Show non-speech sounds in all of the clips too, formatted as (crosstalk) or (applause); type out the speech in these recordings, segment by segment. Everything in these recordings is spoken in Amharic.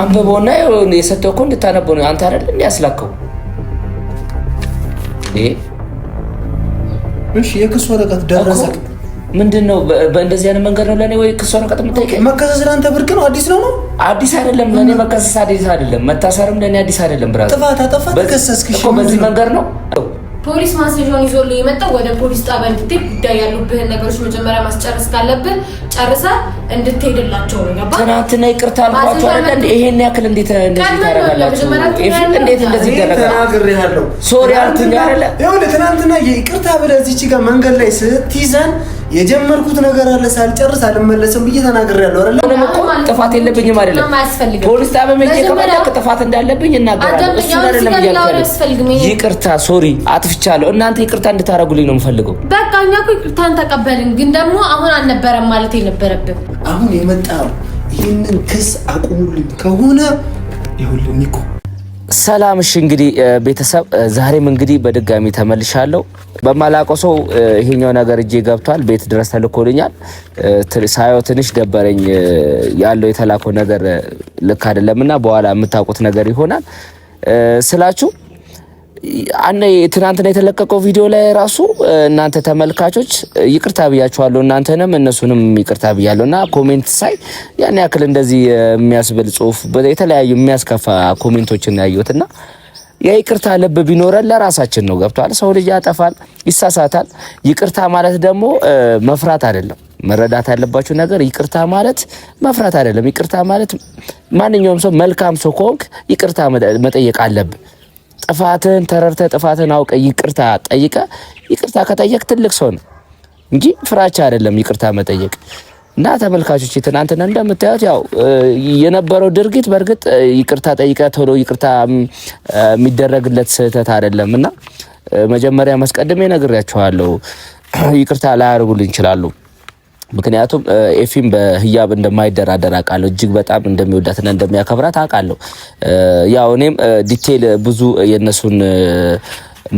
አንብበውና የሰጠው እኮ እንድታነበው ነው። አንተ አይደል እንዲ እሺ የክስ ወረቀት ደረሰክ? ምንድን ነው? በእንደዚህ አይነት መንገድ ነው ለእኔ ወይ ክስ ወረቀት የምታይቀኝ? መከሰስ ለአንተ ብርቅ ነው? አዲስ ነው ነው? አዲስ አይደለም ለእኔ መከሰስ፣ አዲስ አይደለም መታሰርም ለእኔ አዲስ አይደለም። ብራ ጥፋት አጠፋ ተከሰስክ እኮ በዚህ መንገድ ነው ፖሊስ ማስያዣውን ይዞልህ የመጣው ወደ ፖሊስ ጣቢያ እንድትሄድ ጉዳይ ያሉብህን ነገሮች መጀመሪያ ማስጨረስ ካለብህ ጨርሰህ እንድትሄድላቸው ነው። ገባህ? ትናንትና ይቅርታ አልኳቸው አይደል? ይሄን ያክል እንዴት እንዴት እንደዚህ ይደረጋል? ሶሪ አልኩኝ አይደለ? ይኸውልህ ትናንትና ይቅርታ ብለህ እዚች ጋር መንገድ ላይ ስትይዘን የጀመርኩት ነገር አለ ሳልጨርስ አልመለስም ብዬ ተናግሬያለሁ። አይደለም እኮ ጥፋት የለብኝም አይደለም። ፖሊስ ጣቢያ መሄጄ ከመጣሁ ጥፋት እንዳለብኝ እናገራለሁ። እሱ አይደለም እያልኩ ይቅርታ፣ ሶሪ አጥፍቻለሁ፣ እናንተ ይቅርታ እንድታረጉልኝ ነው የምፈልገው። በቃ እኛ እኮ ይቅርታን ተቀበልን፣ ግን ደግሞ አሁን አልነበረም ማለት የነበረብን አሁን የመጣው ይህንን ክስ አቁሙልኝ ከሆነ ይሁልን እኮ ሰላም እሺ፣ እንግዲህ ቤተሰብ ዛሬም እንግዲህ በድጋሚ ተመልሻለሁ። በማላውቀው ሰው ይሄኛው ነገር እጄ ገብቷል። ቤት ድረስ ተልኮልኛል። ሳየው ትንሽ ደበረኝ። ያለው የተላከው ነገር ልክ እና በኋላ የምታውቁት ነገር ይሆናል ስላችሁ ትናንትና የተለቀቀው ቪዲዮ ላይ ራሱ እናንተ ተመልካቾች ይቅርታ ብያችኋለሁ፣ እናንተንም እነሱንም ይቅርታ ብያለሁ እና ኮሜንት ሳይ ያን ያክል እንደዚህ የሚያስብል ጽሁፍ፣ የተለያዩ የሚያስከፋ ኮሜንቶችን ያየሁት እና የይቅርታ ልብ ቢኖረን ለራሳችን ነው። ገብቷል። ሰው ልጅ ያጠፋል፣ ይሳሳታል። ይቅርታ ማለት ደግሞ መፍራት አይደለም። መረዳት ያለባችሁ ነገር ይቅርታ ማለት መፍራት አይደለም። ይቅርታ ማለት ማንኛውም ሰው መልካም ሰው ከሆንክ ይቅርታ መጠየቅ አለብን። ጥፋትን ተረርተ ጥፋትን አውቀ ይቅርታ ጠይቀ ይቅርታ ከጠየቅ ትልቅ ሰው ነው እንጂ ፍራቻ አይደለም ይቅርታ መጠየቅ። እና ተመልካቾች ትናንትና እንደምታዩት ያው የነበረው ድርጊት በእርግጥ ይቅርታ ጠይቀ ቶሎ ይቅርታ የሚደረግለት ስህተት አይደለም እና መጀመሪያ መስቀድሜ ነግሬያችኋለሁ፣ (clears throat) ይቅርታ ላያደርጉልኝ ይችላሉ። ምክንያቱም ኤፊም በህያብ እንደማይደራደር አውቃለሁ። እጅግ በጣም እንደሚወዳትና እንደሚያከብራት አውቃለሁ። ያው እኔም ዲቴል ብዙ የነሱን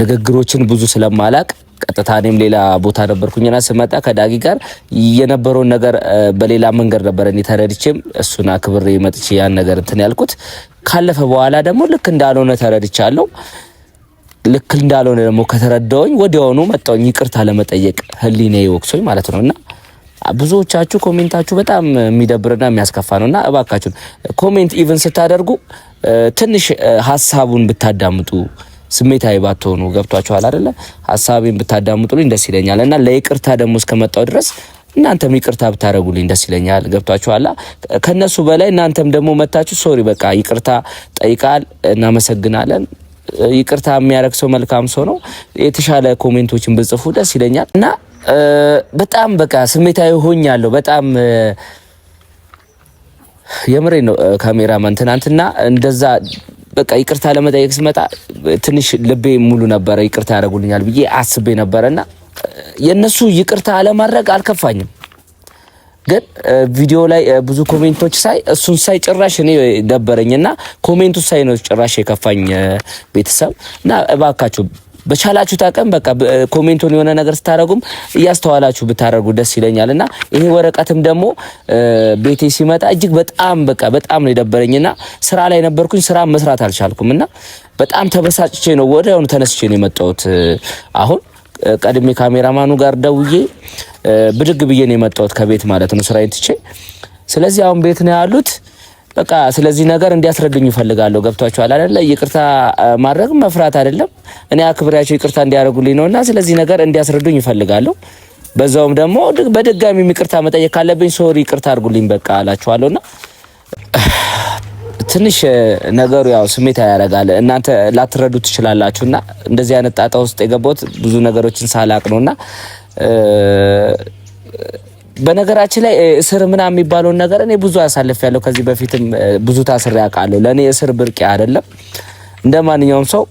ንግግሮችን ብዙ ስለማላቅ ቀጥታ እኔም ሌላ ቦታ ነበርኩኝና ስመጣ ከዳጊ ጋር የነበረውን ነገር በሌላ መንገድ ነበር እኔ ተረድቼም እሱን አክብሬ መጥቼ ያን ነገር እንትን ያልኩት። ካለፈ በኋላ ደግሞ ልክ እንዳልሆነ ተረድቻለሁ። ልክ እንዳልሆነ ደግሞ ከተረዳውኝ ወዲያውኑ መጣውኝ ይቅርታ ለመጠየቅ ህሊኔ ወቅሶኝ ማለት ነው እና ብዙዎቻችሁ ኮሜንታችሁ በጣም የሚደብርና የሚያስከፋ ነው እና እባካችሁን ኮሜንት ኢቨን ስታደርጉ ትንሽ ሀሳቡን ብታዳምጡ ስሜታዊ ባትሆኑ ገብቷችኋል አይደለ? ሀሳቤን ብታዳምጡልኝ ደስ ይለኛል እና ለይቅርታ ደግሞ እስከመጣው ድረስ እናንተም ይቅርታ ብታደረጉልኝ ደስ ይለኛል። ገብቷችኋላ? ከእነሱ በላይ እናንተም ደግሞ መታችሁ ሶሪ፣ በቃ ይቅርታ ጠይቃል፣ እናመሰግናለን ይቅርታ የሚያደረግ ሰው መልካም ሰው ነው። የተሻለ ኮሜንቶችን ብጽፉ ደስ ይለኛል እና በጣም በቃ ስሜታዊ ሆኛለሁ። በጣም የምሬ ነው። ካሜራማን ትናንትና እንደዛ በቃ ይቅርታ ለመጠየቅ ስመጣ ትንሽ ልቤ ሙሉ ነበረ። ይቅርታ ያደርጉልኛል ብዬ አስቤ ነበረና የእነሱ ይቅርታ አለማድረግ አልከፋኝም። ግን ቪዲዮ ላይ ብዙ ኮሜንቶች ሳይ እሱን ሳይ ጭራሽ እኔ ደበረኝና ኮሜንቱ ሳይ ነው ጭራሽ የከፋኝ ቤተሰብ እና እባካችሁ በቻላችሁ ታቀም በቃ ኮሜንቱን የሆነ ነገር ስታደረጉም እያስተዋላችሁ ብታደረጉ ደስ ይለኛል። እና ይሄ ወረቀትም ደግሞ ቤቴ ሲመጣ እጅግ በጣም በቃ በጣም ነው የደበረኝ። እና ስራ ላይ ነበርኩኝ፣ ስራ መስራት አልቻልኩም። እና በጣም ተበሳጭቼ ነው ወዲያውኑ ተነስቼ ነው የመጣሁት። አሁን ቀድሜ ካሜራማኑ ጋር ደውዬ ብድግ ብዬ ነው የመጣሁት ከቤት ማለት ነው ስራዬን ትቼ። ስለዚህ አሁን ቤት ነው ያሉት በቃ ስለዚህ ነገር እንዲያስረዱኝ ይፈልጋለሁ። ገብቷቸዋል አይደለ? ይቅርታ ማድረግ መፍራት አይደለም። እኔ አክብሬያቸው ይቅርታ እንዲያደርጉልኝ ነውና ስለዚህ ነገር እንዲያስረዱኝ ይፈልጋለሁ። በዛውም ደግሞ በድጋሚ ይቅርታ መጠየቅ ካለብኝ ሶሪ ይቅርታ አድርጉልኝ በቃ አላችኋለሁና ትንሽ ነገሩ ያው ስሜት ያደርጋል። እናንተ ላትረዱ ትችላላችሁ። ትችላላችሁና እንደዚህ አይነት ጣጣ ውስጥ የገባሁት ብዙ ነገሮችን ሳላቅ ነው ነውና በነገራችን ላይ እስር ምናምን የሚባለውን ነገር እኔ ብዙ አሳልፍ ያለው ከዚህ በፊትም ብዙ ታስሬ አውቃለሁ። ለእኔ እስር ብርቅ አይደለም። እንደ ማንኛውም ሰው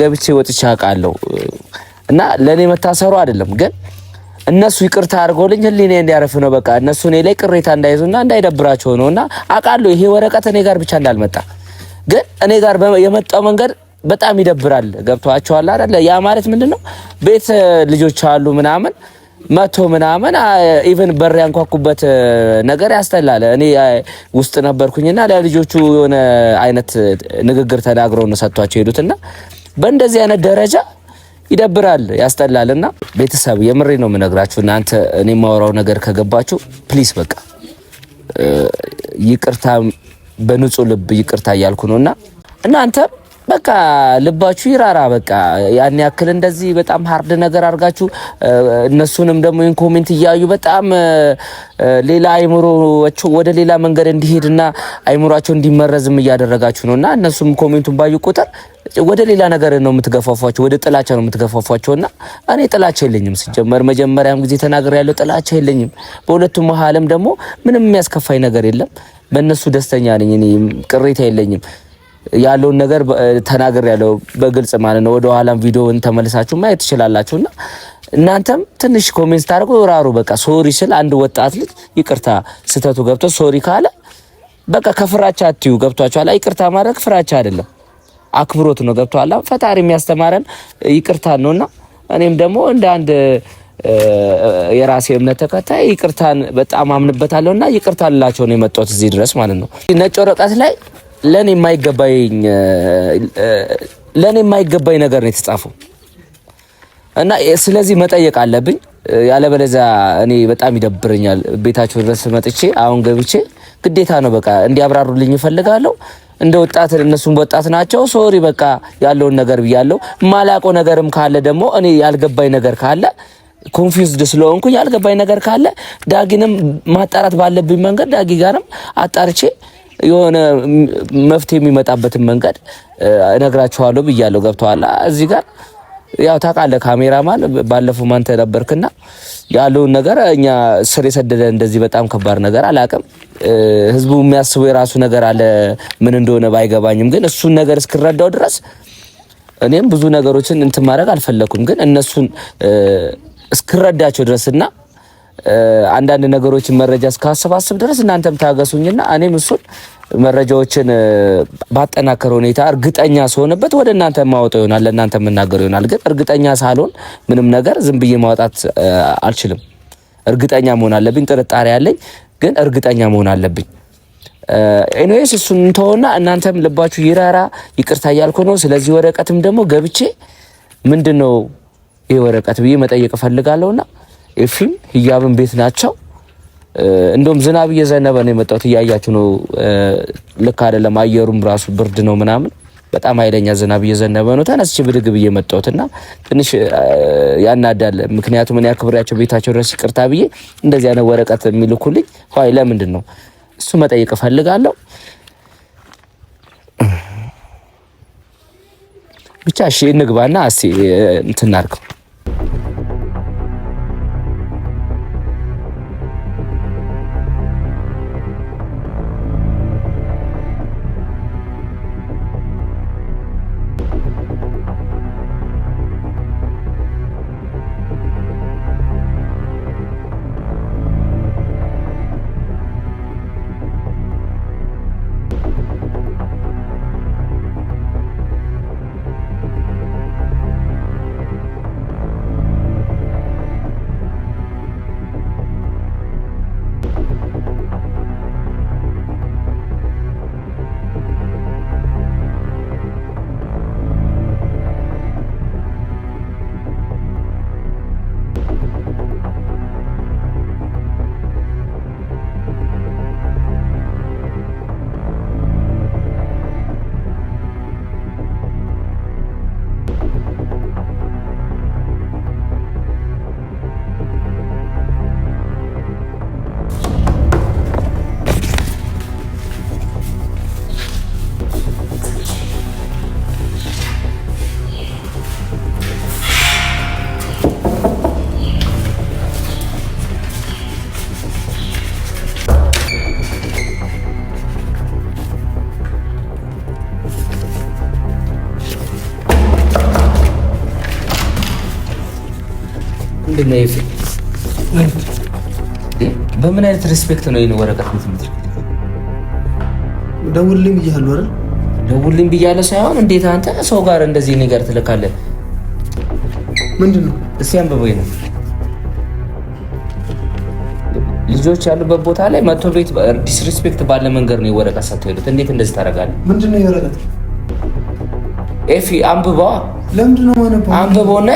ገብቼ ወጥቼ አውቃለሁ እና ለእኔ መታሰሩ አይደለም ግን እነሱ ይቅርታ አድርገውልኝ ህሊኔ እንዲያረፍ ነው። በቃ እነሱ እኔ ላይ ቅሬታ እንዳይዙና እንዳይደብራቸው ነው። እና አውቃለሁ ይሄ ወረቀት እኔ ጋር ብቻ እንዳልመጣ፣ ግን እኔ ጋር የመጣው መንገድ በጣም ይደብራል። ገብቷቸዋል አይደለ? ያ ማለት ምንድን ነው? ቤት ልጆች አሉ ምናምን መቶ ምናምን ኢቨን በር ያንኳኩበት ነገር ያስጠላል። እኔ ውስጥ ነበርኩኝና ለልጆቹ የሆነ አይነት ንግግር ተናግረው ነው ሰጥቷቸው ሄዱትና በእንደዚህ አይነት ደረጃ ይደብራል፣ ያስጠላል። እና ቤተሰብ የምሬ ነው የምነግራችሁ። እናንተ እኔ የማወራው ነገር ከገባችሁ ፕሊስ በቃ ይቅርታ፣ በንጹህ ልብ ይቅርታ እያልኩ ነው እና እናንተም በቃ ልባችሁ ይራራ። በቃ ያን ያክል እንደዚህ በጣም ሀርድ ነገር አድርጋችሁ እነሱንም ደግሞ ይህን ኮሜንት እያዩ በጣም ሌላ አይምሮቸው ወደ ሌላ መንገድ እንዲሄድና አይምሯቸው እንዲመረዝም እያደረጋችሁ ነው እና እነሱም ኮሜንቱን ባዩ ቁጥር ወደ ሌላ ነገር ነው የምትገፋፏቸው፣ ወደ ጥላቻ ነው የምትገፋፏቸው። እና እኔ ጥላቻ የለኝም ሲጀመር መጀመሪያም ጊዜ ተናገር ያለው ጥላቻ የለኝም። በሁለቱም መሀልም ደግሞ ምንም የሚያስከፋኝ ነገር የለም። በእነሱ ደስተኛ ነኝ እኔ ቅሬታ የለኝም። ያለውን ነገር ተናገር ያለው በግልጽ ማለት ነው። ወደ ኋላም ቪዲዮውን ተመልሳችሁ ማየት ትችላላችሁ። እና እናንተም ትንሽ ኮሜንት ታደርጉ ራሩ። በቃ ሶሪ ስል አንድ ወጣት ልጅ ይቅርታ ስህተቱ ገብቶ ሶሪ ካለ በቃ ከፍራቻ አትዩ። ገብቷችኋል? ይቅርታ ማድረግ ፍራቻ አይደለም አክብሮት ነው። ገብቷላ ፈጣሪ የሚያስተማረን ይቅርታ ነውና እኔም ደግሞ እንደ አንድ የራሴ እምነት ተከታይ ይቅርታን በጣም አምንበታለሁና ይቅርታ ልላቸው ነው የመጣሁት እዚህ ድረስ ማለት ነው። ነጭ ወረቀት ላይ ለእኔ የማይገባኝ ለእኔ የማይገባኝ ነገር ነው የተጻፈው እና ስለዚህ መጠየቅ አለብኝ። ያለበለዚያ እኔ በጣም ይደብረኛል። ቤታቸው ድረስ መጥቼ አሁን ገብቼ ግዴታ ነው በቃ እንዲያብራሩልኝ እፈልጋለሁ። እንደ ወጣት እነሱም ወጣት ናቸው። ሶሪ በቃ ያለውን ነገር ብያለሁ። ማላቆ ነገርም ካለ ደግሞ እኔ ያልገባኝ ነገር ካለ ኮንፊውዝድ ስለሆንኩኝ ያልገባኝ ነገር ካለ ዳጊንም ማጣራት ባለብኝ መንገድ ዳጊ ጋርም አጣርቼ የሆነ መፍትሄ የሚመጣበትን መንገድ እነግራችኋለሁ ብያለሁ። ገብተዋል። እዚህ ጋር ያው ታውቃለህ፣ ካሜራማን ባለፈው ማን ተነበርክና ያለውን ነገር እኛ ስር የሰደደ እንደዚህ በጣም ከባድ ነገር አላውቅም። ህዝቡ የሚያስበው የራሱ ነገር አለ፣ ምን እንደሆነ ባይገባኝም፣ ግን እሱን ነገር እስክረዳው ድረስ እኔም ብዙ ነገሮችን እንትን ማድረግ አልፈለኩም፣ ግን እነሱን እስክረዳቸው ድረስና አንዳንድ ነገሮችን መረጃ እስካሰባስብ ድረስ እናንተም ታገሱኝና እኔም እሱን መረጃዎችን ባጠናከረ ሁኔታ እርግጠኛ ስሆንበት ወደ እናንተ ማወጣው ይሆናል፣ ለእናንተ የምናገር ይሆናል። ግን እርግጠኛ ሳልሆን ምንም ነገር ዝም ብዬ ማውጣት አልችልም። እርግጠኛ መሆን አለብኝ። ጥርጣሬ ያለኝ ግን እርግጠኛ መሆን አለብኝ። ኤኒዌይስ እሱን እንተውና እናንተም ልባችሁ ይራራ። ይቅርታ እያልኩ ነው። ስለዚህ ወረቀትም ደግሞ ገብቼ ምንድን ነው ይህ ወረቀት ብዬ መጠየቅ እፈልጋለሁና ኤፍሬም ህያብን ቤት ናቸው። እንደውም ዝናብ እየዘነበ ነው የመጣሁት። እያያችሁ ነው። ልክ አይደለም። አየሩም ራሱ ብርድ ነው ምናምን በጣም ኃይለኛ ዝናብ እየዘነበ ነው። ተነስቼ ብድግ ብዬ መጣሁት እና ትንሽ ያናዳል። ምክንያቱም እኔ አክብሬያቸው ቤታቸው ድረስ ይቅርታ ብዬ እንደዚህ አይነት ወረቀት የሚልኩልኝ ይ ለምንድን ነው እሱ መጠየቅ እፈልጋለሁ። ብቻ እሺ እንግባና እስኪ እንትን እናድርገው ምንድን ነው ኤፍሬም? በምን አይነት ሪስፔክት ነው ይህን ወረቀት ምትምትል? ደውልልኝ ብያለሁ አይደል? ደውልልኝ ብያለሁ ሳይሆን እንዴት አንተ ሰው ጋር እንደዚህ ነገር ትልካለህ? ምንድን ነው? እስቲ አንብበኝ ነው ልጆች ያሉበት ቦታ ላይ መቶ ቤት ዲስሪስፔክት ባለ መንገድ ነው የወረቀት ሰጥቶ ሄዱት። እንዴት እንደዚህ ታደርጋለህ? ምንድን ነው የወረቀት ኤፊ አንብበዋ። ለምንድን ነው ማነበው? አንብበውና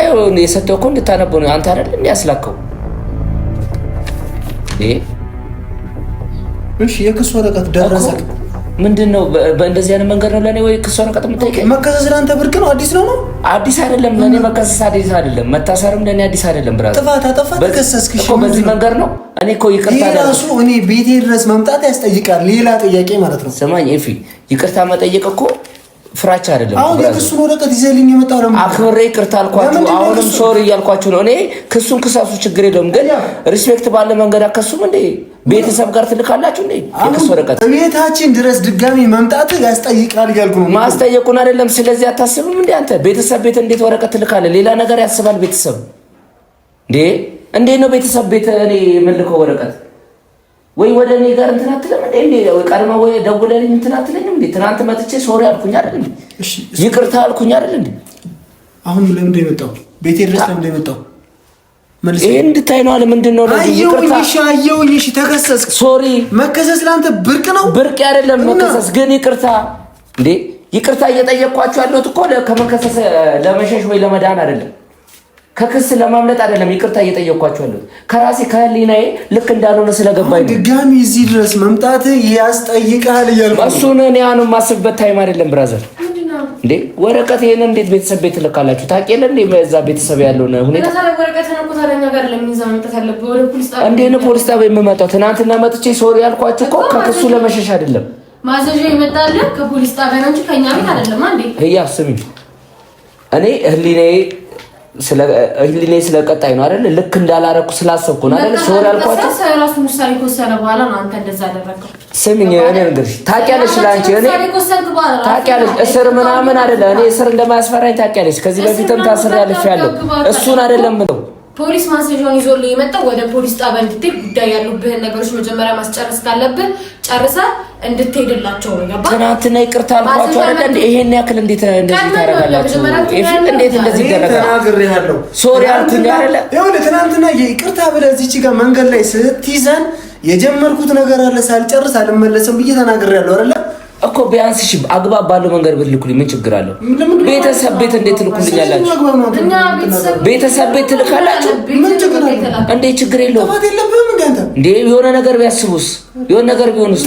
የሰጠው እኮ እንድታነበው ነው። አንተ አይደል እንዲያስላከው እሺ፣ የክስ ወረቀት ደረሰ። ምንድን ነው በእንደዚህ አይነት መንገድ ነው ለእኔ ወይ ክስ ወረቀት የምታይቀኝ? መከሰስ ለአንተ ብርቅ ነው? አዲስ ነው ነው? አዲስ አይደለም ለእኔ መከሰስ፣ አዲስ አይደለም መታሰርም ለእኔ አዲስ አይደለም። ብራ ጥፋት አጠፋ ተከሰስክ እኮ በዚህ መንገድ ነው። እኔ እኮ ይቅርታ ራሱ እኔ ቤቴ ድረስ መምጣት ያስጠይቃል። ሌላ ጥያቄ ማለት ነው። ስማኝ ኤፊ፣ ይቅርታ መጠየቅ እኮ ፍራቻ አይደለም። አሁን የክሱን ወረቀት ይዘልኝ የመጣው ደግሞ አክብሬ ይቅርታ አልኳችሁ። አሁንም ሶሪ እያልኳችሁ ነው። እኔ ክሱን ክሳሱ ችግር የለውም፣ ግን ሪስፔክት ባለ መንገድ አከሱም እንዴ ቤተሰብ ጋር ትልካላችሁ እንዴ የክስ ወረቀት ቤታችን ድረስ ድጋሚ መምጣት ያስጠይቃል እያልኩ ነው። ማስጠየቁን አይደለም። ስለዚህ አታስብም እንዴ አንተ ቤተሰብ ቤት እንዴት ወረቀት ትልካለ? ሌላ ነገር ያስባል ቤተሰብ እንዴ። እንዴት ነው ቤተሰብ ቤት እኔ የምልከው ወረቀት ወይ ወደ እኔ ጋር እንትን አትልም እንዴ? ቀድመ ወይ ደውለልኝ እንትን አትለኝም እንዴ? ትናንት መጥቼ ሶሪ አልኩኝ አይደል? እንዴ? ይቅርታ አልኩኝ አይደል እንዴ? አሁን ለምን የመጣው ቤቴ ድረስ ለምን የመጣው ይሄ እንድታይ ነው አለ። ምንድን ነው አየሁኝ። ተከሰስክ። ሶሪ መከሰስ ለአንተ ብርቅ ነው? ብርቅ አይደለም መከሰስ፣ ግን ይቅርታ እንዴ! ይቅርታ እየጠየቅኳቸው ያለሁት እኮ ከመከሰስ ለመሸሽ ወይ ለመዳን አይደለም ከክስ ለማምለጥ አይደለም ይቅርታ እየጠየኳቸው ያሉት ከራሴ ከህሊናዬ ልክ እንዳልሆነ ስለገባኝ ድጋሚ እዚህ ድረስ መምጣት ያስጠይቃል እያልኩ እሱን እኔ አሁን የማስብበት ታይም አይደለም ብራዘር እንዴ ወረቀት ይሄን እንዴት ቤተሰብ ቤት ልካላችሁ ታውቂ የለ እንዴ እዛ ቤተሰብ ያለውን ሁኔታ እንዴ ነው ፖሊስ ጣቢያ የምመጣው ትናንትና መጥቼ ሶሪ ያልኳችሁ እኮ ከክሱ ለመሸሽ አይደለም ማዘዣ ይመጣል ከፖሊስ ጣቢያ ነው እንጂ ከኛ ቤት አይደለም እኔ ህሊናዬ ህሊናዬ ስለቀጣይ ነው አይደል? ልክ እንዳላረኩ ስላሰብኩ ነው አይደለ? ሶሪ አልኳቸው። ስሚኝ፣ እኔ እንግዲህ ታውቂያለሽ፣ ለአንቺ እኔ ታውቂያለሽ፣ እስር ምናምን አይደለ፣ እኔ እስር እንደማያስፈራኝ ታውቂያለሽ። ከዚህ በፊትም ታስሬ አልፌያለሁ። እሱን አይደለም ምለው ፖሊስ ማስያዣውን ይዞልህ የመጣው ወደ ፖሊስ ጣቢያ እንድትሄድ ጉዳይ ያሉብህን ነገሮች መጀመሪያ ማስጨረስ ካለብህ ጨርሰህ እንድትሄድላቸው ነው። ገባህ? ትናንትና ይቅርታ አልኳቸው አይደል? ይሄን ያክል እንዴት እንደዚህ ታደርጋላችሁ? እንዴት እንደዚህ ይደረጋል? ተናግሬሃለሁ። ሶሪ አልኩኝ አይደለ? ይኸውልህ ትናንትና ይቅርታ ብለህ እዚች ጋር መንገድ ላይ ስትይዘን የጀመርኩት ነገር አለ ሳልጨርስ አልመለስም ብዬ ተናግሬሃለሁ አይደለ? እኮ ቢያንስ እሺ አግባብ ባለው መንገድ ብትልኩልኝ ምን ችግር አለው? ቤተሰብ ቤት እንዴት ትልኩልኛላችሁ? ቤተሰብ ቤት ትልካላችሁ? እንዴ ችግር የለውም እንዴ? የሆነ ነገር ቢያስቡስ የሆነ ነገር ቢሆንስ?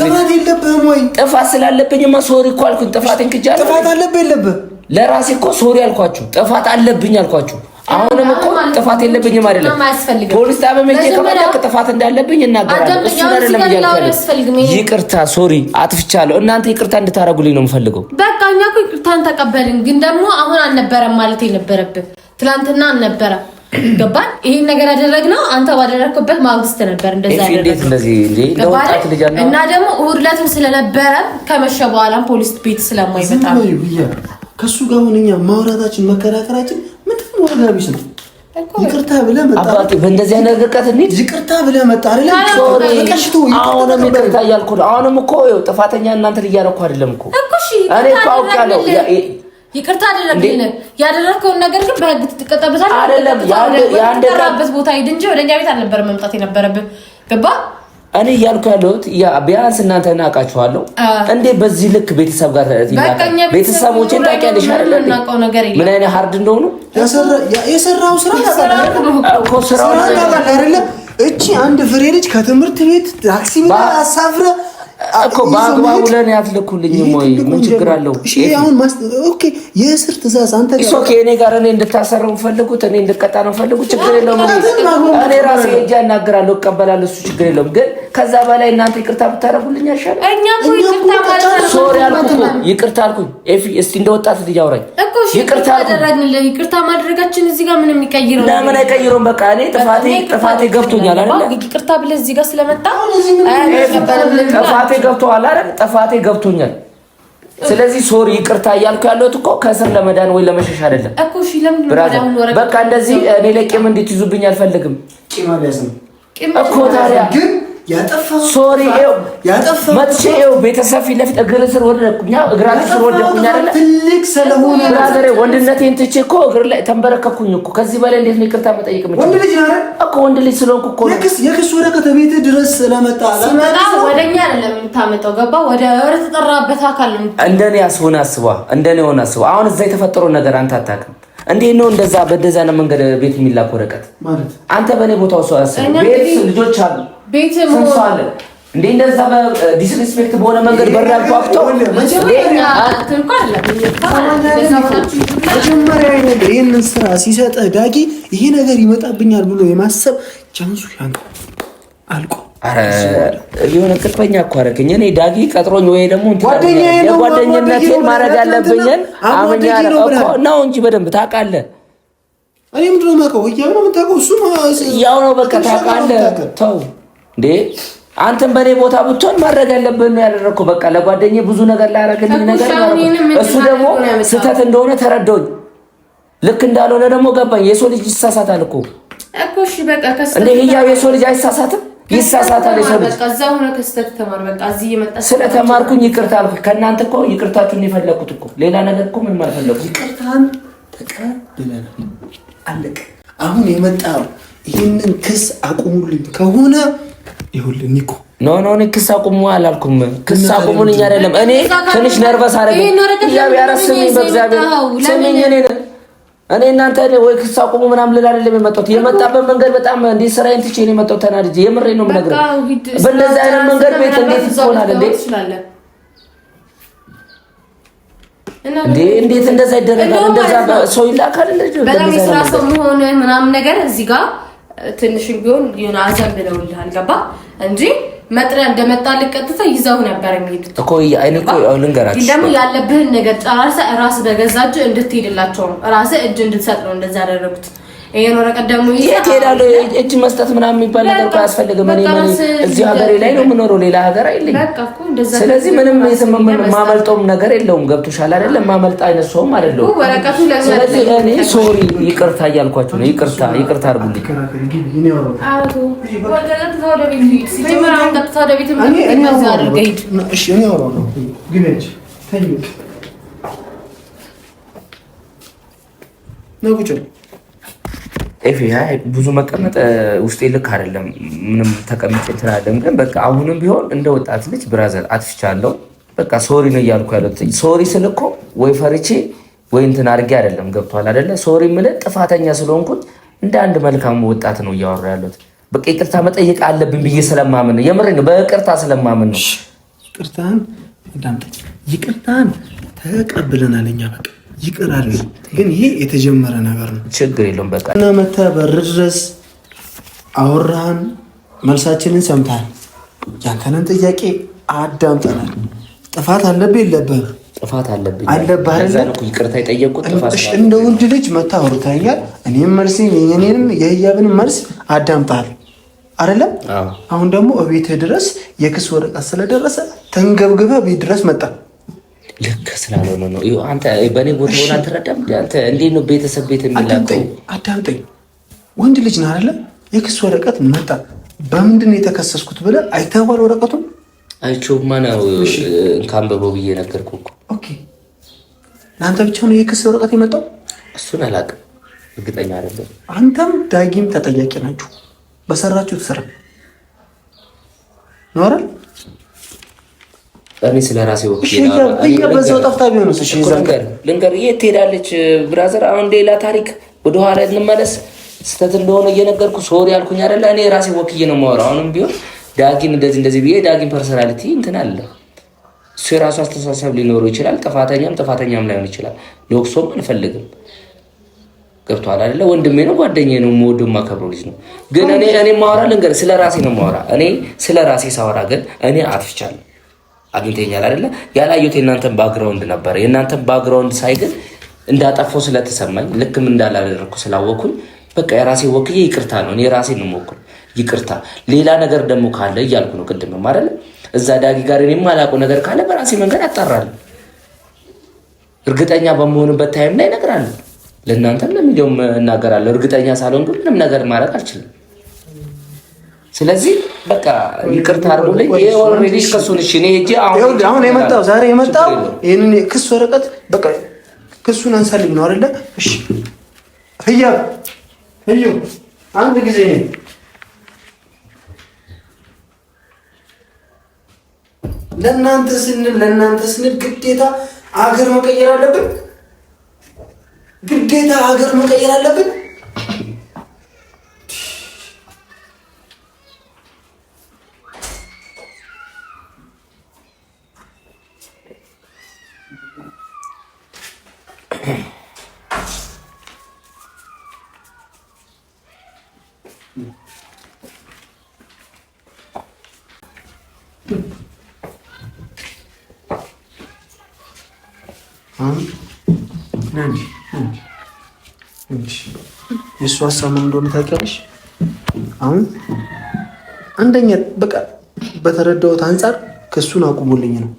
ጥፋት ስላለብኝማ ሶሪ እኮ አልኩኝ። ጥፋት እንክጃለሁ። ጥፋት አለብህ የለብህ? ለራሴ እኮ ሶሪ አልኳችሁ። ጥፋት አለብኝ አልኳችሁ። አሁንም እኮ ጥፋት የለብኝም አይደለም። ፖሊስ ጣቢያ መቼ ከመጣክ ጥፋት እንዳለብኝ እናገራለሁ። እሱን አይደለም እያልኩ ይቅርታ፣ ሶሪ አጥፍቻለሁ፣ እናንተ ይቅርታ እንድታረጉልኝ ነው የምፈልገው። በቃ እኛ እኮ ይቅርታን ተቀበልን፣ ግን ደግሞ አሁን አልነበረም ማለት የነበረብን ትላንትና አልነበረም። ገባን? ይሄን ነገር ያደረግነው አንተ ባደረግኩበት ማግስት ነበር እንደዛ እና ደግሞ እሑድ ዕለትም ስለነበረ ከመሸ በኋላም ፖሊስ ቤት ስለማይመጣ ከሱ ጋር ሆነኛ ማውራታችን መከራከራችን ዋጋ ቢስ ነው። ይቅርታ ብለህ መጣ አባቴ፣ በእንደዚህ አይነት ርቀት እንሂድ። ይቅርታ ብለህ መጣ አይደለም። አሁንም ይቅርታ እያልኩ ነው። አሁንም እኮ ጥፋተኛ እናንተን እያደረኩ አይደለም እኮ እኔ እኮ አውቃለሁ። ይቅርታ አደረግልህ። ያደረግከውን ነገር ግን በህግ ትቀጣበታለህ። አይደለም ያንደራበት ቦታ ሂድ እንጂ ወደ እኛ ቤት አልነበረ መምጣት የነበረብህ። ገባህ? እኔ እያልኩ ያለሁት ቢያንስ እናንተ እናውቃችኋለሁ። እንዴ በዚህ ልክ ቤተሰብ ጋር ቤተሰቦች ታውቂያለሽ አይደለ? ምን አይነት ሀርድ እንደሆኑ የሰራው ስራ ስራ እቺ አንድ ፍሬ ልጅ ከትምህርት ቤት ታክሲ አሳፍረ እኮ በአግባቡ ለን ያትልኩልኝ ወይ ምን ችግር አለው? የእስር ትእዛዝ አንተ እኔ ጋር እኔ እንድታሰረው ፈልጉት፣ እኔ እንድቀጣ ነው ፈልጉት፣ ችግር የለውም። እኔ ራሴ ሄጄ እናገራለሁ፣ እቀበላለሁ። እሱ ችግር የለውም። ግን ከዛ በላይ እናንተ ይቅርታ ብታደርጉልኝ አይሻልም? ይቅርታ አልኩኝ። ኤፊ እስቲ እንደ ወጣት ልጅ አውራኝ። ይቅርታ ይቅርታ ማድረጋችን እዚህ ጋር ምንም የሚቀይረው ለምን አይቀይረውም? በቃ እኔ ጥፋቴ ጥፋቴ ገብቶኛል አይደለ? ይቅርታ ብለህ እዚህ ጋር ስለመጣ ጥፋቴ ጥፋቴ ገብቶሃል አይደል? ጥፋቴ ገብቶኛል። ስለዚህ ሶሪ ይቅርታ እያልኩ ያለሁት እኮ ከእስር ለመዳን ወይ ለመሸሽ አይደለም። በቃ እንደዚህ እኔ ለቄም እንዴት እንድትይዙብኝ አልፈልግም እኮ ታዲያ ሶሪ መጥቼ ቤተሰብ ፊት ለፊት እግር ስር ወደኩኛ፣ እግራችሁ ስር አይደለ? ትልቅ ብራዘሬ ወንድነቴን ትቼ እኮ እግር ላይ ተንበረከኩኝ እኮ። ከዚህ በላይ እንዴት ነው ይቅርታ መጠየቅ የምችለው? ወንድ ልጅ እኮ ወንድ ልጅ ስለሆንኩ እኮ የክስ ወረቀት ቤት ድረስ ስለመጣ ወደኛ አይደለም የምታመጣው፣ ገባ ወደ ተጠራበት አካል ነው። እንደኔ አስቧ፣ እንደኔ አስቧ። አሁን እዛ ነገር አንተ አታውቅም። እንዴት ነው እንደዛ በደዛ ነው መንገድ ቤት የሚላክ ወረቀት? አንተ በእኔ ቦታው ሰው ያስብ። ቤት ልጆች አሉ፣ ቤት ሰው አለ። እንዴ እንደዛ በዲስሪስፔክት በሆነ መንገድ በራል ቋፍተው መጀመሪያ ይህንን ስራ ሲሰጠ ዳጊ ይሄ ነገር ይመጣብኛል ብሎ የማሰብ ቻንሱ ያንተ አልቆ የሆነ ቅርበኛ እኮ አደረገኝ። እኔ ዳጊ ቀጥሮኝ ወይ ደግሞ ጓደኝነቴን ማድረግ ያለብኝን አምኛ ነው እንጂ በደንብ ታውቃለህ። እኔ ምንድን ነው የማውቀው? እያው ነው የምታውቀው። እሱም ያው ነው በቃ ታውቃለህ። ተው እንዴ አንተን በእኔ ቦታ ብትሆን ማድረግ ያለብህን ነው ያደረግኩ። በቃ ለጓደኛ ብዙ ነገር ላደረግልኝ ነገር እሱ ደግሞ ስህተት እንደሆነ ተረዳኝ። ልክ እንዳልሆነ ደግሞ ገባኝ። የሰው ልጅ ይሳሳታል እኮ እንደ ህያው የሰው ልጅ አይሳሳትም ይሳሳታል። ስለተማርኩኝ ይቅርታ አልኩ። ከእናንተ እኮ ይቅርታችሁን የፈለግኩት እኮ ሌላ ነገር እኮ ምንም አልፈለኩም። ይቅርታን ተቀበል አለቀ። አሁን የመጣው ይህንን ክስ አቁሙልኝ ከሆነ ይሁልን እኮ ኖ ኖ እኔ ክስ አቁሙ አላልኩም። ክስ አቁሙልኝ አይደለም። እኔ ትንሽ ነርቨስ አደረገኝ። እግዚአብሔር ስሚኝ፣ በእግዚአብሔር ስሚኝ እኔ እናንተ ወይ ክስ አቁሙ ምናምን ልል አይደለም የመጣሁት። የመጣበት መንገድ በጣም እንደ ስራዬን ትቼ ነው የመጣሁት። ተናድጄ የምሬ ነው የምነግርህ። በእንደዚህ አይነት መንገድ ቤት እንዴት ይሆናል እንዴ? እንዴት እንደዛ ይደረጋል? እንደዛ ሰው ይላካል? በጣም የስራ ሰው መሆን ምናምን ነገር እዚህ ጋር ትንሽ ቢሆን የሆነ አዘን ብለውልህ አልገባ እንጂ መጥሪያ እንደመጣ ልቀጥተ ይዘው ነበር የሚሄዱት ደግሞ ያለብህን ነገር ጨራርሰ ራስ በገዛ እጅ እንድትሄድላቸው ነው። ራስህ እጅ እንድትሰጥ ነው እንደዚ ያደረጉት። ይሄን ወረቀት ደግሞ ይሄ እሄዳለሁ? እጅ መስጠት ምናምን የሚባል ነገር እኮ አያስፈልግም። እኔ እዚህ ሀገሬ ላይ ነው የምኖረው፣ ሌላ ሀገር አይልኝም። ስለዚህ ምንም ማመልጠውም ነገር የለውም። ገብቶሻል አይደለም? ማመልጥ አይነት ሰውም አይደለሁም። ስለዚህ እኔ ሶሪ፣ ይቅርታ እያልኳቸው ነው። ይቅርታ ይቅርታ አድርጉልኝ። ነው ቁጭ ኤፌ ብዙ መቀመጥ ውስጤ ልክ አይደለም። ምንም ተቀምጬ እንትን አይደለም። ግን በቃ አሁንም ቢሆን እንደ ወጣት ልጅ ብራዘር አጥፍቻለሁ። በቃ ሶሪ ነው እያልኩ ያሉት። ሶሪ ስል እኮ ወይ ፈርቼ ወይ እንትን አድርጌ አይደለም። ገብቷል አይደለ? ሶሪ የምልህ ጥፋተኛ ስለሆንኩት እንደ አንድ መልካም ወጣት ነው እያወራ ያሉት። በቃ ይቅርታ መጠየቅ አለብን ብዬ ስለማምን ነው። የምሬ ነው። በይቅርታ ስለማምን ነው። ይቅርታን ተቀብለናል እኛ በቃ ይቀራል። ግን ይሄ የተጀመረ ነገር ነው፣ ችግር የለውም። በቃ እና መታ በር ድረስ አወራህን፣ መልሳችንን ሰምታል። ያንተንን ጥያቄ አዳምጠናል። ጥፋት አለብህ የለብህም? ጥፋት አለብኝ ይቅርታ የጠየቁት እንደ ወንድ ልጅ መታ አውርታኛል። እኔም መልስ የኔንም የህያብን መልስ አዳምጣል አይደለም። አሁን ደግሞ እቤትህ ድረስ የክስ ወረቀት ስለደረሰ ተንገብግበህ ቤት ድረስ መጣ። ልክ ስላልሆነ ነው። አንተ በእኔ ቦታ ሆነ አልተረዳም። አንተ እንዴት ነው ቤተሰብ ቤት የሚላቀው? አዳምጠኝ። ወንድ ልጅ ነህ አይደለ? የክስ ወረቀት መጣ። በምንድን ነው የተከሰስኩት ብለህ አይተኸዋል? ወረቀቱም? አይቼውማ ነው እንካንበበው ብዬ ነገርኩ እኮ። ለአንተ ብቻ ነው የክስ ወረቀት የመጣው? እሱን አላውቅም፣ እርግጠኛ አይደለም። አንተም ዳጊም ተጠያቂ ናችሁ በሰራችሁት ስራ ኖራል? እኔ ስለ ራሴ በዛው ልንገር የት ትሄዳለች? ብራዘር አሁን ሌላ ታሪክ ወደኋላ እንመለስ። ስህተት እንደሆነ እየነገርኩ ሶሪ አልኩኝ አይደለ? እኔ ራሴ ወክዬ ነው የማወራው። አሁንም ቢሆን ዳጊን እንደዚህ እንደዚህ ብዬ ዳጊን ፐርሰናሊቲ እንትን አለ። እሱ የራሱ አስተሳሰብ ሊኖረው ይችላል። ጥፋተኛም ጥፋተኛም ላይሆን ይችላል። ለወቅሶም አልፈልግም። ገብቷል አይደለ? ወንድሜ ነው፣ ጓደኛ ነው፣ የምወደው ማከብሮ ልጅ ነው። ግን እኔ እኔ ልንገር፣ ስለ ራሴ ነው ማወራ። እኔ ስለ ራሴ ሳወራ ግን እኔ አጥፍቻለሁ አግኝተኛል አይደለ? ያላየሁት የእናንተን ባክግራውንድ ነበር። የእናንተን ባክግራውንድ ሳይግን እንዳጠፎ እንዳጠፋው ስለተሰማኝ ልክም እንዳላደረግኩ ስላወኩኝ በቃ የራሴ ወክዬ ይቅርታ ነው እኔ ራሴ ነው ይቅርታ ሌላ ነገር ደግሞ ካለ እያልኩ ነው ቅድም አይደለ? እዛ ዳጊ ጋር እኔ የማላውቀው ነገር ካለ በራሴ መንገድ አጣራለሁ። እርግጠኛ በመሆንበት ታይም ላይ እነግራለሁ። ለእናንተም ለሚዲያውም እናገራለሁ። እርግጠኛ ሳልሆን ግን ምንም ነገር ማድረግ አልችልም። ስለዚህ በቃ ይቅርታ አድርጉልኝ። ኦልሬዲ ከሱን እሺ፣ እኔ አሁን የመጣው ዛሬ የመጣው ይህንን ክስ ወረቀት በቃ ክሱን አንሳልኝ ነው አይደለ? እሺ፣ ህያ ህዩ አንድ ጊዜ ለእናንተ ስንል ለእናንተ ስንል ግዴታ አገር መቀየር አለብን። ግዴታ አገር መቀየር አለብን። የእሱ ሀሳብ ምን እንደሆነ ታውቂያለሽ? አሁን አንደኛ በቃ በተረዳሁት አንጻር ክሱን አቁሞልኝ ነው።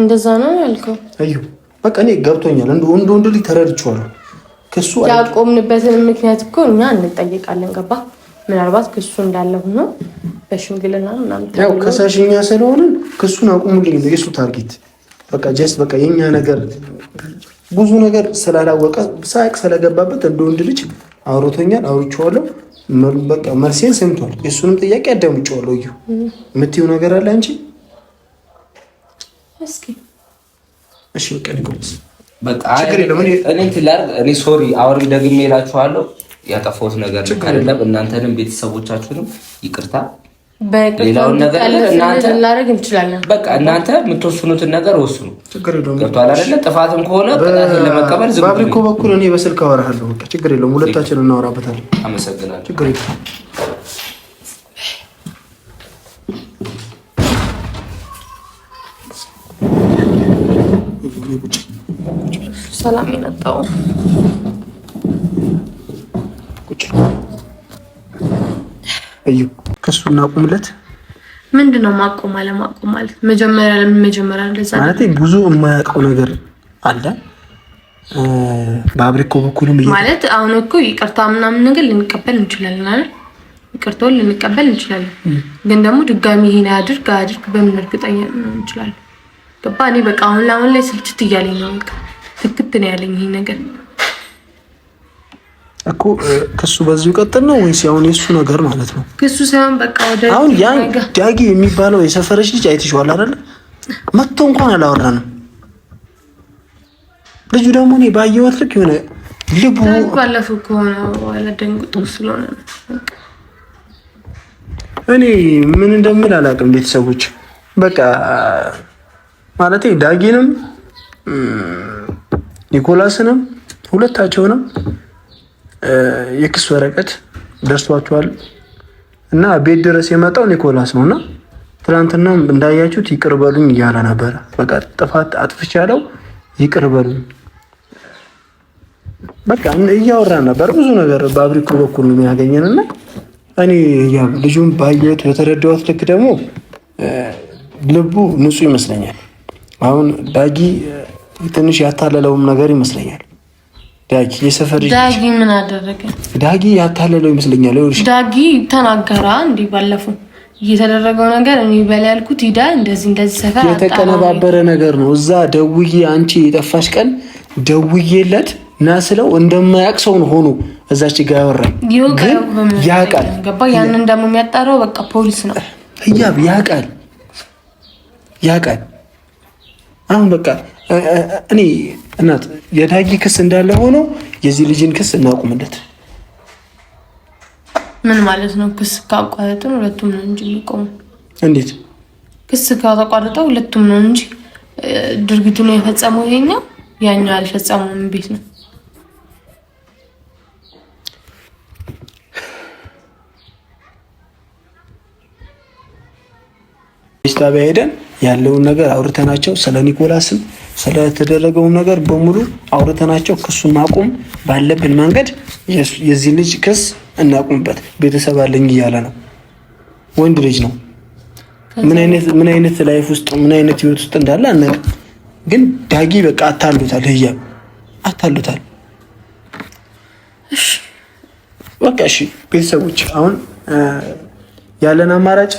እንደዛ ነው ያልከው? አዩ በቃ እኔ ገብቶኛል። እንደ ወንድ ወንድ ልጅ ተረድቼዋለሁ። ክሱ ያቆምንበትን ምክንያት እኮ እኛ እንጠይቃለን። ገባ? ምናልባት ክሱ እንዳለ ሆኖ በሽምግልና ምናምን ያው ከሳሽኛ ስለሆነ ክሱን አቁሙልኝ ነው የእሱ ታርጌት። በቃ ጀስት በቃ የኛ ነገር ብዙ ነገር ስላላወቀ ሳያቅ ስለገባበት እንደ ወንድ ልጅ አውሮቶኛል፣ አውርቼዋለሁ። በቃ መልሴን ሰምቷል። የእሱንም ጥያቄ አዳምጬዋለሁ። እዩ የምትይው ነገር አለ አንቺ? እስኪ እሺ፣ በቃ እኔ ትላር እኔ ሶሪ አውሪ ደግሜ እላችኋለሁ። ያጠፋሁት ነገር ካለ እናንተንም ቤተሰቦቻችሁንም ይቅርታ ሌላውን ነገር እናደርግ እንችላለን። በቃ እናንተ የምትወስኑትን ነገር ወስኑ። ገብቷል አይደለ? ጥፋትም ከሆነ ቅጣትን ለመቀበል በአብሪኮ በኩል እኔ በስልክ አወራለሁ። በቃ ችግር የለውም፣ ሁለታችን እናወራበታለን። አመሰግናለሁ። ችግር የለውም። ሰላም የመጣው እዩ ከሱ እናቁምለት። ምንድን ነው ማቆም አለማቆም ማለት? መጀመሪያ ለምን መጀመሪያ እንደዛ ማለት ብዙ የማያውቀው ነገር አለ። በአብሪኮ በኩልም ማለት አሁን እኮ ይቅርታ ምናምን ነገር ልንቀበል እንችላለን አይደል? ይቅርታውን ልንቀበል እንችላለን። ግን ደግሞ ድጋሚ ይሄን አድርግ አድርግ በምን እርግጠኛ እንችላለን? ገባ? እኔ በቃ አሁን ላይ ስልችት እያለኝ ነው። በቃ ትክክት ነው ያለኝ ይሄ ነገር እኮ ክሱ በዚሁ ቀጥል ነው ወይስ አሁን የሱ ነገር ማለት ነው? ክሱ ሳይሆን በቃ ወደ አሁን ያን ዳጊ የሚባለው የሰፈረች ልጅ አይተሽዋል አይደል? መጥቶ እንኳን አላወራንም። ልጁ ደግሞ እኔ ባየሁት ልክ የሆነ ልቡ ባለፈው ከሆነ በኋላ ደንግጦ ስለሆነ እኔ ምን እንደምል አላውቅም። ቤተሰቦች በቃ ማለት ዳጊንም ኒኮላስንም ሁለታቸውንም የክስ ወረቀት ደርሷቸዋል እና ቤት ድረስ የመጣው ኒኮላስ ነው እና ትናንትናም እንዳያችሁት ይቅር በሉኝ እያለ ነበረ። በቃ ጥፋት አጥፍቻለሁ ይቅር በሉኝ በቃ እያወራ ነበር። ብዙ ነገር በአብሪኮ በኩል ነው የሚያገኘን እና እኔ ልጁን ባየሁት በተረዳሁት ልክ ደግሞ ልቡ ንጹሕ ይመስለኛል። አሁን ዳጊ ትንሽ ያታለለውም ነገር ይመስለኛል። ዳጊ የሰፈር ዳጊ ምን አደረገ? ዳጊ ያታለለው ይመስለኛል። ይኸውልሽ ዳጊ ተናገራ እንዴ ባለፈው እየተደረገው ነገር እኔ በላይ ያልኩት ሂዳ እንደዚህ እንደዚህ ሰፈር የተቀነባበረ ነገር ነው። እዛ ደውዬ አንቺ የጠፋሽ ቀን ደውዬለት ና ስለው እንደማያውቅ ሰው ነው ሆኖ እዛች ጋ ያወራ ግን ያውቃል። ያንን ደግሞ የሚያጣራው በቃ ፖሊስ ነው። ህያብ ያውቃል ያውቃል። አሁን በቃ እኔ እናት የዳጊ ክስ እንዳለ ሆኖ የዚህ ልጅን ክስ እናቁምለት። ምን ማለት ነው? ክስ ካቋረጥን ሁለቱም ነው እንጂ የሚቆመው። እንዴት? ክስ ከተቋረጠ ሁለቱም ነው እንጂ ድርጊቱን የፈጸመው ይሄኛው ያኛው ያልፈጸመው ቤት ነው። ፖሊስ ጣቢያ ሄደን ያለውን ነገር አውርተናቸው ስለ ኒኮላስም ስለተደረገውም ነገር በሙሉ አውርተናቸው ክሱን ማቆም ባለብን መንገድ የዚህ ልጅ ክስ እናቁምበት። ቤተሰብ አለኝ እያለ ነው። ወንድ ልጅ ነው። ምን አይነት ላይፍ ውስጥ ምን አይነት ህይወት ውስጥ እንዳለ አናውቅም። ግን ዳጊ በቃ አታሉታል፣ ህያ አታሉታል። በቃ እሺ ቤተሰቦች አሁን ያለን አማራጭ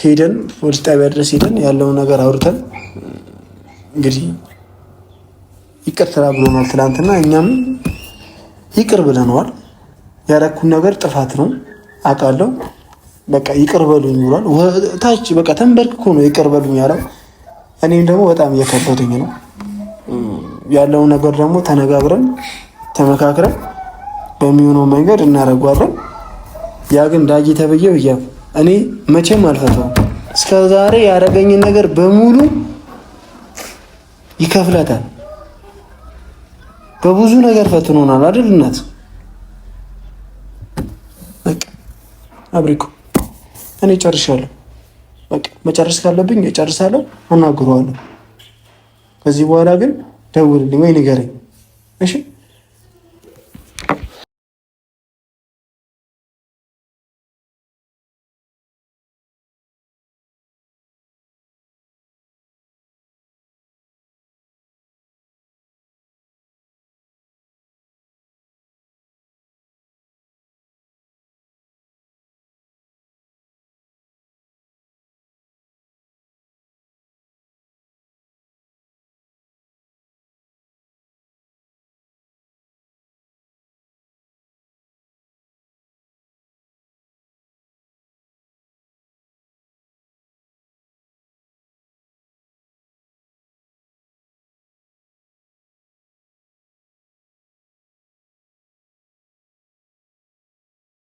ሄደን ወደ ጣቢያ ድረስ ሄደን ያለውን ነገር አውርተን እንግዲህ ይቅር ይቅርታ ብሎናል። ትናንትና እኛም ይቅር ብለነዋል። ያረኩን ነገር ጥፋት ነው አውቃለሁ። በቃ ይቅር በሉኝ ብሏል። ታች በቃ ተንበርክኮ ነው ይቅር በሉኝ ያለው። እኔም ደግሞ በጣም እየከበደኝ ነው ያለው ነገር ደግሞ ተነጋግረን ተመካክረን በሚሆነው መንገድ እናደርገዋለን። ያ ግን ዳጊ ተብዬው እያ እኔ መቼም አልፈታውም። እስከ ዛሬ ያደረገኝን ነገር በሙሉ ይከፍለታል። በብዙ ነገር ፈትኖናል አይደል እናት? አብሪኮ እኔ ጨርሻለሁ። በቃ መጨረስ ካለብኝ እጨርሳለሁ፣ አናግረዋለሁ። ከዚህ በኋላ ግን ደውልልኝ ወይ ንገረኝ እሺ።